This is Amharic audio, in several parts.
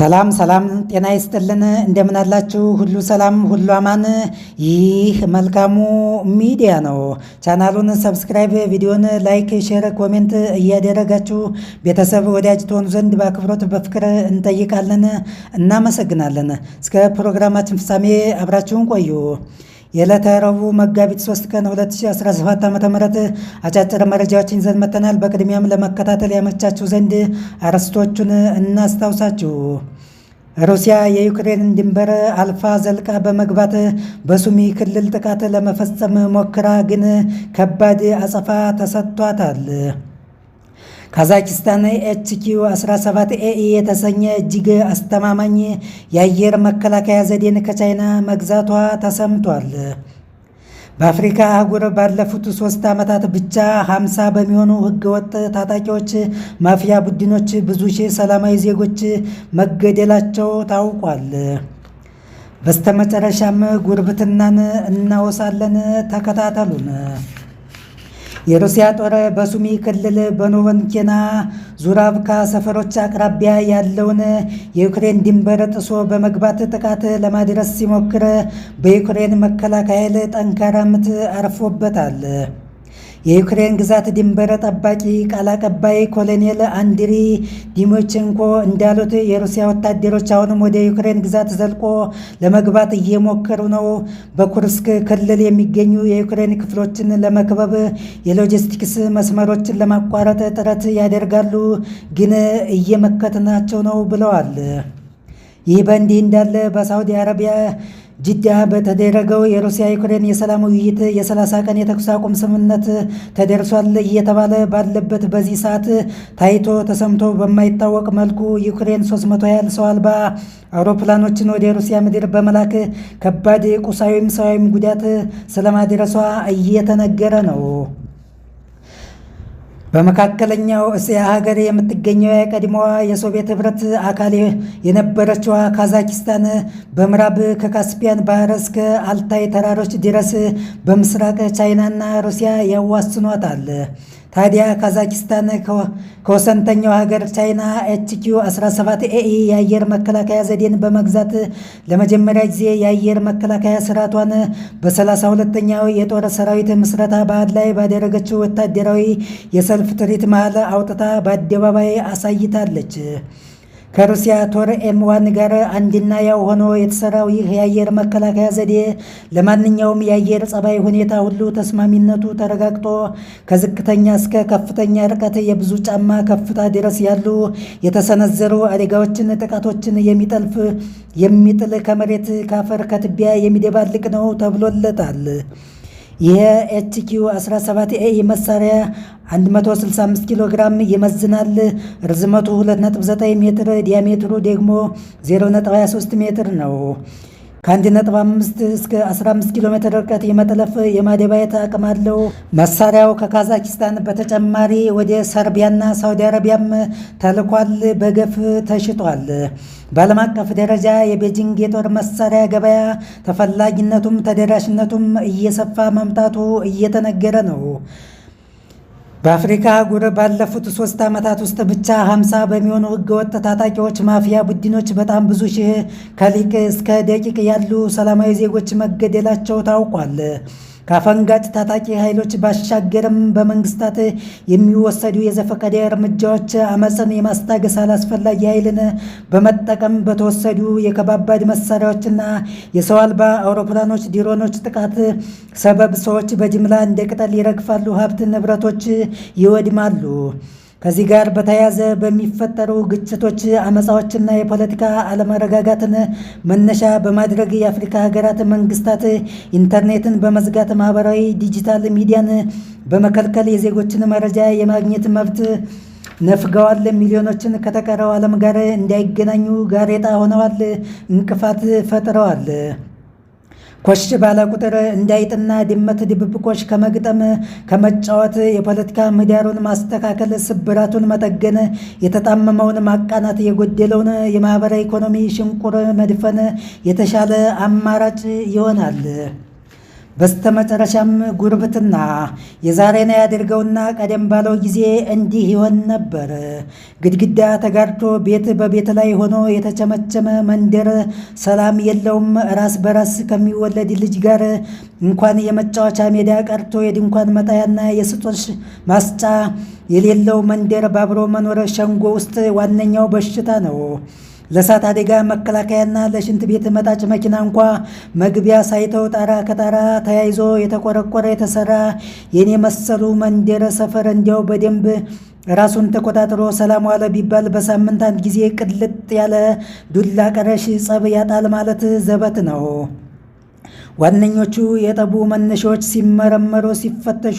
ሰላም ሰላም፣ ጤና ይስጥልን። እንደምን አላችሁ? ሁሉ ሰላም፣ ሁሉ አማን። ይህ መልካሙ ሚዲያ ነው። ቻናሉን ሰብስክራይብ፣ ቪዲዮን ላይክ፣ ሼር፣ ኮሜንት እያደረጋችሁ ቤተሰብ ወዳጅ ትሆኑ ዘንድ በአክብሮት በፍቅር እንጠይቃለን። እናመሰግናለን። እስከ ፕሮግራማችን ፍጻሜ አብራችሁን ቆዩ። የዕለተ ረቡዕ መጋቢት 3 ቀን 2017 ዓ ም አጫጭር መረጃዎችን ይዘን መጥተናል። በቅድሚያም ለመከታተል ያመቻችሁ ዘንድ አርዕስቶቹን እናስታውሳችሁ። ሩሲያ የዩክሬንን ድንበር አልፋ ዘልቃ በመግባት በሱሚ ክልል ጥቃት ለመፈጸም ሞክራ፣ ግን ከባድ አጸፋ ተሰጥቷታል። ካዛኪስታን ኤችኪው 17 ኤኢ የተሰኘ እጅግ አስተማማኝ የአየር መከላከያ ዘዴን ከቻይና መግዛቷ ተሰምቷል። በአፍሪካ አህጉር ባለፉት ሶስት ዓመታት ብቻ 50 በሚሆኑ ህገወጥ ታጣቂዎች ማፊያ ቡድኖች ብዙ ሺህ ሰላማዊ ዜጎች መገደላቸው ታውቋል። በስተመጨረሻም ጉርብትናን እናወሳለን። ተከታተሉን። የሩሲያ ጦር በሱሚ ክልል በኖቨንኬና ዙራብካ ሰፈሮች አቅራቢያ ያለውን የዩክሬን ድንበር ጥሶ በመግባት ጥቃት ለማድረስ ሲሞክር በዩክሬን መከላከያ ኃይል ጠንካራ ምት አርፎበታል። የዩክሬን ግዛት ድንበር ጠባቂ ቃል አቀባይ ኮሎኔል አንድሪ ዲሞቼንኮ እንዳሉት የሩሲያ ወታደሮች አሁንም ወደ ዩክሬን ግዛት ዘልቆ ለመግባት እየሞከሩ ነው። በኩርስክ ክልል የሚገኙ የዩክሬን ክፍሎችን ለመክበብ የሎጂስቲክስ መስመሮችን ለማቋረጥ ጥረት ያደርጋሉ፣ ግን እየመከትናቸው ነው ብለዋል። ይህ በእንዲህ እንዳለ በሳውዲ አረቢያ ጅዳ በተደረገው የሩሲያ ዩክሬን የሰላም ውይይት የ30 ቀን የተኩስ አቁም ስምምነት ተደርሷል እየተባለ ባለበት በዚህ ሰዓት ታይቶ ተሰምቶ በማይታወቅ መልኩ ዩክሬን 300 ያህል ሰው አልባ አውሮፕላኖችን ወደ ሩሲያ ምድር በመላክ ከባድ ቁሳዊም ሰዋዊም ጉዳት ስለማድረሷ እየተነገረ ነው። በመካከለኛው እስያ ሀገር የምትገኘው የቀድሞዋ የሶቪየት ህብረት አካል የነበረችው ካዛኪስታን በምዕራብ ከካስፒያን ባህር እስከ አልታይ ተራሮች ድረስ በምስራቅ ቻይናና ሩሲያ ያዋስኗታል። ታዲያ ካዛኪስታን ከወሰንተኛው ሀገር ቻይና ኤችኪው 17 ኤኢ የአየር መከላከያ ዘዴን በመግዛት ለመጀመሪያ ጊዜ የአየር መከላከያ ስርዓቷን በ32ኛው የጦር ሰራዊት ምስረታ በዓል ላይ ባደረገችው ወታደራዊ የሰልፍ ትርኢት መሃል አውጥታ በአደባባይ አሳይታለች። ከሩሲያ ቶር ኤም ዋን ጋር አንድና ያው ሆኖ የተሰራው ይህ የአየር መከላከያ ዘዴ ለማንኛውም የአየር ጸባይ ሁኔታ ሁሉ ተስማሚነቱ ተረጋግጦ ከዝቅተኛ እስከ ከፍተኛ ርቀት የብዙ ጫማ ከፍታ ድረስ ያሉ የተሰነዘሩ አደጋዎችን፣ ጥቃቶችን የሚጠልፍ የሚጥል ከመሬት ካፈር ከትቢያ የሚደባልቅ ነው ተብሎለታል። የኤችኪው 17 ኤ መሳሪያ 165 ኪሎ ግራም ይመዝናል። ርዝመቱ 2.9 ሜትር፣ ዲያሜትሩ ደግሞ 0.23 ሜትር ነው። ከአንድ ነጥብ አምስት እስከ 15 ኪሎ ሜትር ርቀት የመጥለፍ የማደባየት አቅም አለው። መሳሪያው ከካዛኪስታን በተጨማሪ ወደ ሰርቢያና ሳውዲ አረቢያም ተልኳል፣ በገፍ ተሽጧል። በዓለም አቀፍ ደረጃ የቤጂንግ የጦር መሳሪያ ገበያ ተፈላጊነቱም ተደራሽነቱም እየሰፋ መምጣቱ እየተነገረ ነው። በአፍሪካ አህጉር ባለፉት ሶስት ዓመታት ውስጥ ብቻ 50 በሚሆኑ ህገወጥ ታጣቂዎች ማፊያ ቡድኖች በጣም ብዙ ሺህ ከሊቅ እስከ ደቂቅ ያሉ ሰላማዊ ዜጎች መገደላቸው ታውቋል። ከአፈንጋጭ ታጣቂ ኃይሎች ባሻገርም በመንግስታት የሚወሰዱ የዘፈቀደ እርምጃዎች አመፅን የማስታገስ አላስፈላጊ ኃይልን በመጠቀም በተወሰዱ የከባባድ መሳሪያዎችና የሰው አልባ አውሮፕላኖች፣ ድሮኖች ጥቃት ሰበብ ሰዎች በጅምላ እንደ ቅጠል ይረግፋሉ፣ ሀብት ንብረቶች ይወድማሉ። ከዚህ ጋር በተያያዘ በሚፈጠሩ ግጭቶች፣ አመፃዎችና የፖለቲካ አለመረጋጋትን መነሻ በማድረግ የአፍሪካ ሀገራት መንግስታት ኢንተርኔትን በመዝጋት ማህበራዊ ዲጂታል ሚዲያን በመከልከል የዜጎችን መረጃ የማግኘት መብት ነፍገዋል። ሚሊዮኖችን ከተቀረው ዓለም ጋር እንዳይገናኙ ጋሬጣ ሆነዋል፣ እንቅፋት ፈጥረዋል። ኮሽ ባለ ቁጥር እንዳይጥና ድመት ድብብቆሽ ከመግጠም ከመጫወት የፖለቲካ ምህዳሩን ማስተካከል፣ ስብራቱን መጠገን፣ የተጣመመውን ማቃናት፣ የጎደለውን የማህበራዊ ኢኮኖሚ ሽንቁር መድፈን የተሻለ አማራጭ ይሆናል። በስተመጨረሻም ጉርብትና የዛሬን ያደርገውና ቀደም ባለው ጊዜ እንዲህ ይሆን ነበር። ግድግዳ ተጋርቶ ቤት በቤት ላይ ሆኖ የተቸመቸመ መንደር ሰላም የለውም። ራስ በራስ ከሚወለድ ልጅ ጋር እንኳን የመጫወቻ ሜዳ ቀርቶ የድንኳን መጣያና የስጦሽ ማስጫ የሌለው መንደር ባብሮ መኖር ሸንጎ ውስጥ ዋነኛው በሽታ ነው። ለእሳት አደጋ መከላከያና ለሽንት ቤት መጣጭ መኪና እንኳ መግቢያ ሳይተው ጣራ ከጣራ ተያይዞ የተቆረቆረ የተሰራ የኔ መሰሉ መንደረ ሰፈር እንዲያው በደንብ ራሱን ተቆጣጥሮ ሰላም ዋለ ቢባል በሳምንት አንድ ጊዜ ቅልጥ ያለ ዱላ ቀረሽ ጸብ ያጣል ማለት ዘበት ነው። ዋነኞቹ የጠቡ መነሻዎች ሲመረመሩ ሲፈተሹ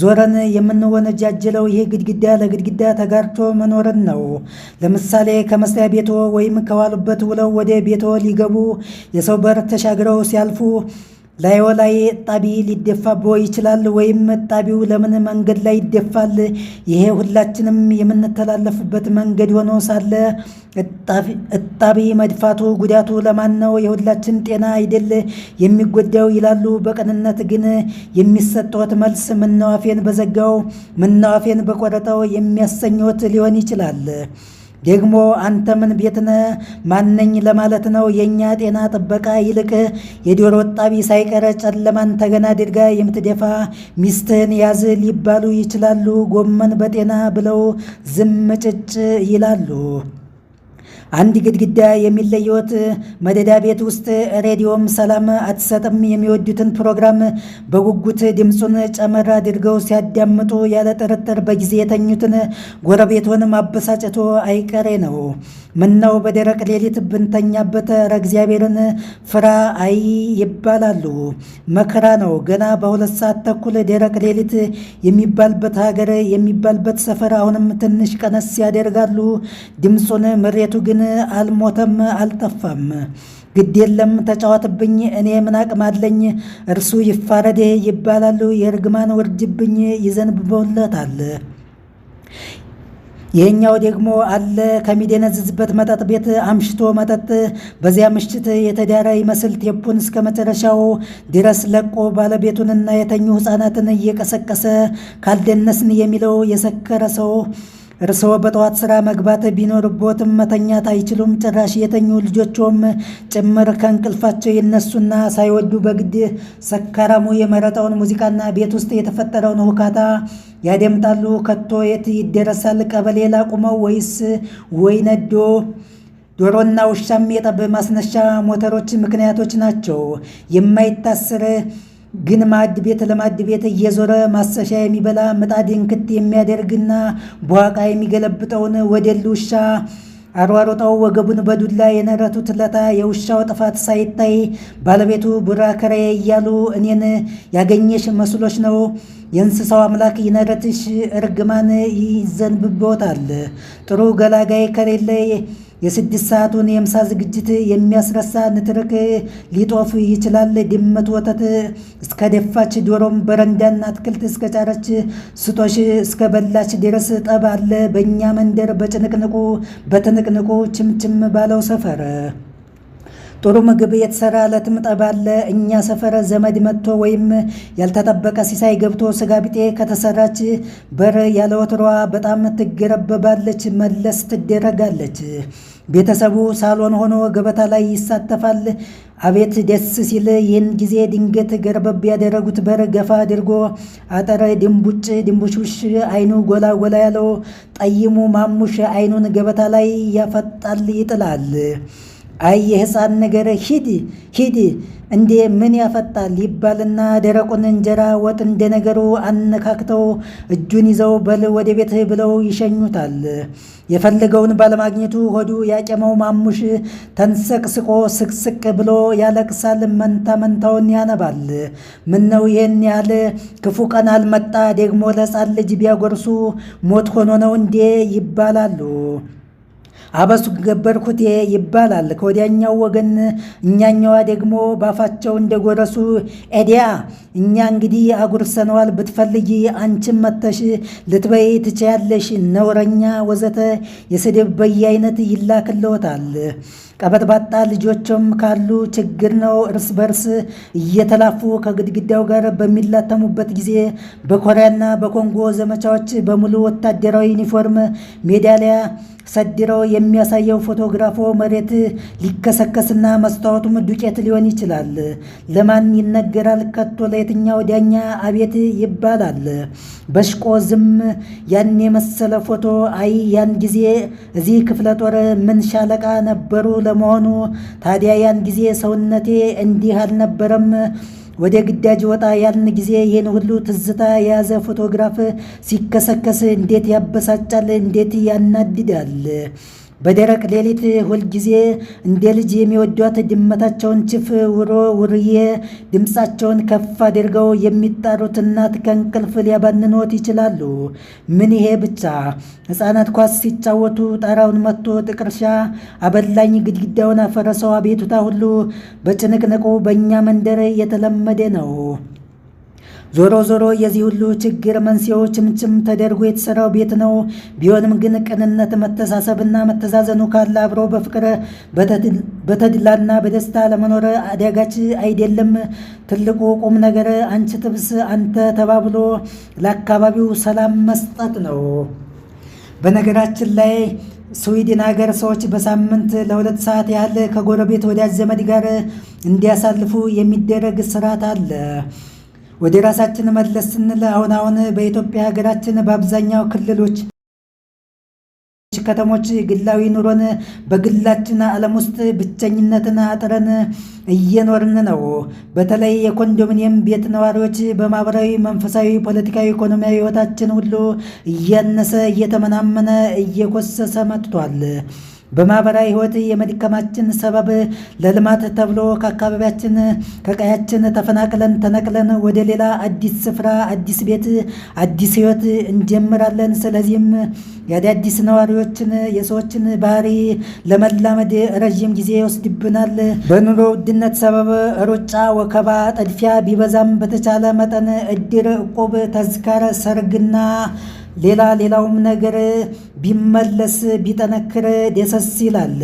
ዞረን የምንወነጃጀለው ይህ ግድግዳ ለግድግዳ ተጋርቶ መኖርን ነው። ለምሳሌ ከመስሪያ ቤቶ ወይም ከዋሉበት ውለው ወደ ቤቶ ሊገቡ የሰው በር ተሻግረው ሲያልፉ ላይዎ ላይ እጣቢ ሊደፋቦ ይችላል፣ ወይም እጣቢው ለምን መንገድ ላይ ይደፋል? ይሄ ሁላችንም የምንተላለፍበት መንገድ ሆኖ ሳለ እጣቢ መድፋቱ ጉዳቱ ለማን ነው? የሁላችን ጤና አይደል የሚጎዳው? ይላሉ በቅንነት ግን የሚሰጠት መልስ ምነው አፌን በዘጋው ምነው አፌን በቆረጠው የሚያሰኘት ሊሆን ይችላል። ደግሞ አንተ ምን ቤት ነህ ማነኝ ለማለት ነው። የእኛ ጤና ጥበቃ ይልቅህ የዶሮ ወጣቢ ሳይቀረ ጨለማን ተገና ድርጋ የምትደፋ ሚስትህን ያዝ ሊባሉ ይችላሉ። ጎመን በጤና ብለው ዝም ጭጭ ይላሉ። አንድ ግድግዳ የሚለየውት መደዳ ቤት ውስጥ ሬዲዮም ሰላም አትሰጥም የሚወዱትን ፕሮግራም በጉጉት ድምፁን ጨመር አድርገው ሲያዳምጡ ያለ ጥርጥር በጊዜ የተኙትን ጎረቤቶን ማበሳጨቶ አይቀሬ ነው። ምነው በደረቅ ሌሊት ብንተኛበት፣ ኧረ እግዚአብሔርን ፍራ አይ ይባላሉ። መከራ ነው። ገና በሁለት ሰዓት ተኩል ደረቅ ሌሊት የሚባልበት ሀገር የሚባልበት ሰፈር አሁንም ትንሽ ቀነስ ያደርጋሉ። ድምፁን ምሬቱ ግን ግን አልሞተም፣ አልጠፋም። ግድ የለም ተጫወትብኝ፣ እኔ ምን አቅም አለኝ? እርሱ ይፋረዴ ይባላሉ። የእርግማን ውርጅብኝ ይዘንብበውለታል። ይህኛው ደግሞ አለ ከሚደነዝዝበት መጠጥ ቤት አምሽቶ መጠጥ በዚያ ምሽት የተዳረ ይመስል ቴፑን እስከ መጨረሻው ድረስ ለቆ ባለቤቱንና የተኙ ሕፃናትን እየቀሰቀሰ ካልደነስን የሚለው የሰከረ ሰው እርስዎ በጠዋት ስራ መግባት ቢኖርቦትም መተኛት አይችሉም። ጭራሽ የተኙ ልጆችም ጭምር ከእንቅልፋቸው ይነሱና ሳይወዱ በግድ ሰካራሙ የመረጠውን ሙዚቃና ቤት ውስጥ የተፈጠረውን ሁካታ ያደምጣሉ። ከቶ የት ይደረሳል? ቀበሌ ላቁመው ወይስ ወይ ነዶ? ዶሮና ውሻም የጠብ ማስነሻ ሞተሮች ምክንያቶች ናቸው። የማይታሰር ግን ማዕድ ቤት ለማዕድ ቤት እየዞረ ማሰሻ የሚበላ ምጣድ እንክት የሚያደርግና በዋቃ የሚገለብጠውን ወደል ውሻ አሯሮጣው ወገቡን በዱላ የነረቱ ትለታ የውሻው ጥፋት ሳይታይ ባለቤቱ ቡራ እያሉ እኔን ያገኘሽ መስሎች ነው። የእንስሳው አምላክ ይነረትሽ፣ እርግማን ይዘንብቦታል። ጥሩ ገላጋይ ከሌለ የስድስት ሰዓቱን የምሳ ዝግጅት የሚያስረሳ ንትርክ ሊጦፍ ይችላል። ድመት ወተት እስከ ደፋች፣ ዶሮም በረንዳና አትክልት እስከ ጫረች፣ ስጦሽ እስከ በላች ድረስ ጠብ አለ በእኛ መንደር በጭንቅንቁ በትንቅንቁ ችምችም ባለው ሰፈር ጥሩ ምግብ የተሰራ ጠብ ጠባለ እኛ ሰፈር ዘመድ መጥቶ ወይም ያልተጠበቀ ሲሳይ ገብቶ ስጋ ቢጤ ከተሰራች በር ያለ ወትሯ በጣም ትገረበባለች፣ መለስ ትደረጋለች። ቤተሰቡ ሳሎን ሆኖ ገበታ ላይ ይሳተፋል። አቤት ደስ ሲል! ይህን ጊዜ ድንገት ገርበብ ያደረጉት በር ገፋ አድርጎ አጠረ። ድንቡጭ ድንቡሽሽ አይኑ ጎላ ጎላ ያለው ጠይሙ ማሙሽ አይኑን ገበታ ላይ ያፈጣል፣ ይጥላል። አይ የሕፃን ነገር ሂድ ሂድ እንዴ ምን ያፈጣል ይባልና ደረቁን እንጀራ ወጥ እንደ ነገሩ አነካክተው እጁን ይዘው በል ወደ ቤትህ ብለው ይሸኙታል። የፈለገውን ባለማግኘቱ ሆዱ ያጨመው ማሙሽ ተንሰቅስቆ ስቅስቅ ብሎ ያለቅሳል። መንታ መንታውን ያነባል። ምን ነው ይህን ያህል ክፉ ቀን አልመጣ ደግሞ ለሕፃን ልጅ ቢያጎርሱ ሞት ሆኖ ነው እንዴ ይባላሉ። አበሱ ገበርኩት ይባላል። ከወዲያኛው ወገን እኛኛዋ ደግሞ ባፋቸው እንደጎረሱ ኤዲያ እኛ እንግዲህ አጉርሰነዋል። ብትፈልጊ አንቺም መተሽ ልትበይ ትችያለሽ። ነውረኛ ወዘተ የስድብ በየአይነት ይላክለወታል። ቀበጥባጣ ልጆችም ካሉ ችግር ነው። እርስ በርስ እየተላፉ ከግድግዳው ጋር በሚላተሙበት ጊዜ በኮሪያና በኮንጎ ዘመቻዎች በሙሉ ወታደራዊ ዩኒፎርም ሜዳሊያ ሰድረው የሚያሳየው ፎቶግራፎ መሬት ሊከሰከስና መስታወቱም ዱቄት ሊሆን ይችላል። ለማን ይነገራል ከቶ? ለየትኛው ዳኛ አቤት ይባላል? በሽቆ ዝም ያን የመሰለ ፎቶ አይ ያን ጊዜ እዚህ ክፍለ ጦር ምን ሻለቃ ነበሩ ስለመሆኑ ታዲያ ያን ጊዜ ሰውነቴ እንዲህ አልነበረም። ወደ ግዳጅ ወጣ ያልን ጊዜ ይህን ሁሉ ትዝታ የያዘ ፎቶግራፍ ሲከሰከስ እንዴት ያበሳጫል! እንዴት ያናድዳል! በደረቅ ሌሊት ሁልጊዜ እንደ ልጅ የሚወዷት ድመታቸውን ችፍ ውሮ ውርዬ ድምፃቸውን ከፍ አድርገው የሚጣሩት እናት ከእንቅልፍ ሊያባንኖት ይችላሉ። ምን ይሄ ብቻ! ሕፃናት ኳስ ሲጫወቱ ጣራውን መጥቶ ጥቅርሻ አበላኝ፣ ግድግዳውን አፈረሰው አቤቱታ ሁሉ በጭንቅንቁ በእኛ መንደር የተለመደ ነው። ዞሮ ዞሮ የዚህ ሁሉ ችግር መንስኤው ችምችም ተደርጎ የተሰራው ቤት ነው። ቢሆንም ግን ቅንነት፣ መተሳሰብና መተዛዘኑ ካለ አብሮ በፍቅር በተድላና በደስታ ለመኖር አዳጋች አይደለም። ትልቁ ቁም ነገር አንቺ ትብስ አንተ ተባብሎ ለአካባቢው ሰላም መስጠት ነው። በነገራችን ላይ ስዊድን ሀገር ሰዎች በሳምንት ለሁለት ሰዓት ያህል ከጎረቤት ወዳጅ ዘመድ ጋር እንዲያሳልፉ የሚደረግ ስርዓት አለ። ወደ ራሳችን መለስ ስንል አሁን አሁን በኢትዮጵያ ሀገራችን በአብዛኛው ክልሎች ከተሞች ግላዊ ኑሮን በግላችን ዓለም ውስጥ ብቸኝነትን አጥረን እየኖርን ነው። በተለይ የኮንዶሚኒየም ቤት ነዋሪዎች በማህበራዊ፣ መንፈሳዊ፣ ፖለቲካዊ፣ ኢኮኖሚያዊ ህይወታችን ሁሉ እያነሰ እየተመናመነ እየኮሰሰ መጥቷል። በማህበራዊ ህይወት የመድከማችን ሰበብ ለልማት ተብሎ ከአካባቢያችን ከቀያችን ተፈናቅለን ተነቅለን ወደ ሌላ አዲስ ስፍራ፣ አዲስ ቤት፣ አዲስ ህይወት እንጀምራለን። ስለዚህም የአዳዲስ ነዋሪዎችን የሰዎችን ባህሪ ለመላመድ ረዥም ጊዜ ይወስድብናል። በኑሮ ውድነት ሰበብ ሩጫ፣ ወከባ፣ ጠድፊያ ቢበዛም በተቻለ መጠን እድር፣ እቁብ፣ ተዝካር፣ ሰርግና ሌላ ሌላውም ነገር ቢመለስ ቢጠነክር ደሰስ ይላል።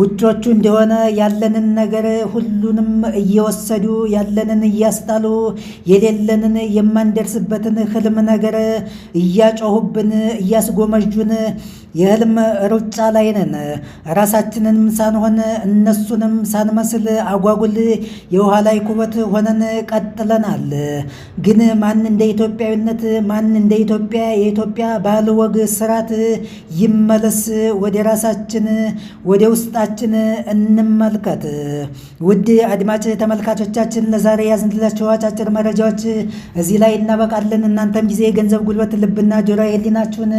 ውጮቹ እንደሆነ ያለንን ነገር ሁሉንም እየወሰዱ ያለንን እያስጣሉ የሌለንን የማንደርስበትን ህልም ነገር እያጮሁብን እያስጎመጁን የህልም ሩጫ ላይ ነን። ራሳችንንም ሳንሆን እነሱንም ሳንመስል አጓጉል የውሃ ላይ ኩበት ሆነን ቀጥለናል። ግን ማን እንደ ኢትዮጵያዊነት ማን እንደ ኢትዮጵያ የኢትዮጵያ ባህል፣ ወግ፣ ስርዓት ይመለስ። ወደ ራሳችን ወደ ውስጣችን እንመልከት። ውድ አድማጭ ተመልካቾቻችን ለዛሬ ያዝንላቸው አጫጭር መረጃዎች እዚህ ላይ እናበቃለን። እናንተም ጊዜ፣ ገንዘብ፣ ጉልበት፣ ልብና ጆሮ የህሊናችሁን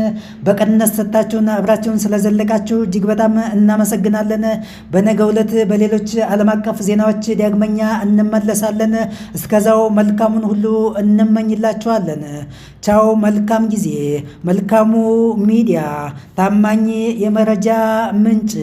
በቀንነት ሰጥታችሁን አብራችሁን ስለዘለቃችሁ እጅግ በጣም እናመሰግናለን። በነገ ዕለት በሌሎች ዓለም አቀፍ ዜናዎች ዳግመኛ እንመለሳለን። እስከዛው መልካሙን ሁሉ እንመኝላችኋለን። ቻው። መልካም ጊዜ። መልካሙ ሚዲያ ታማኝ የመረጃ ምንጭ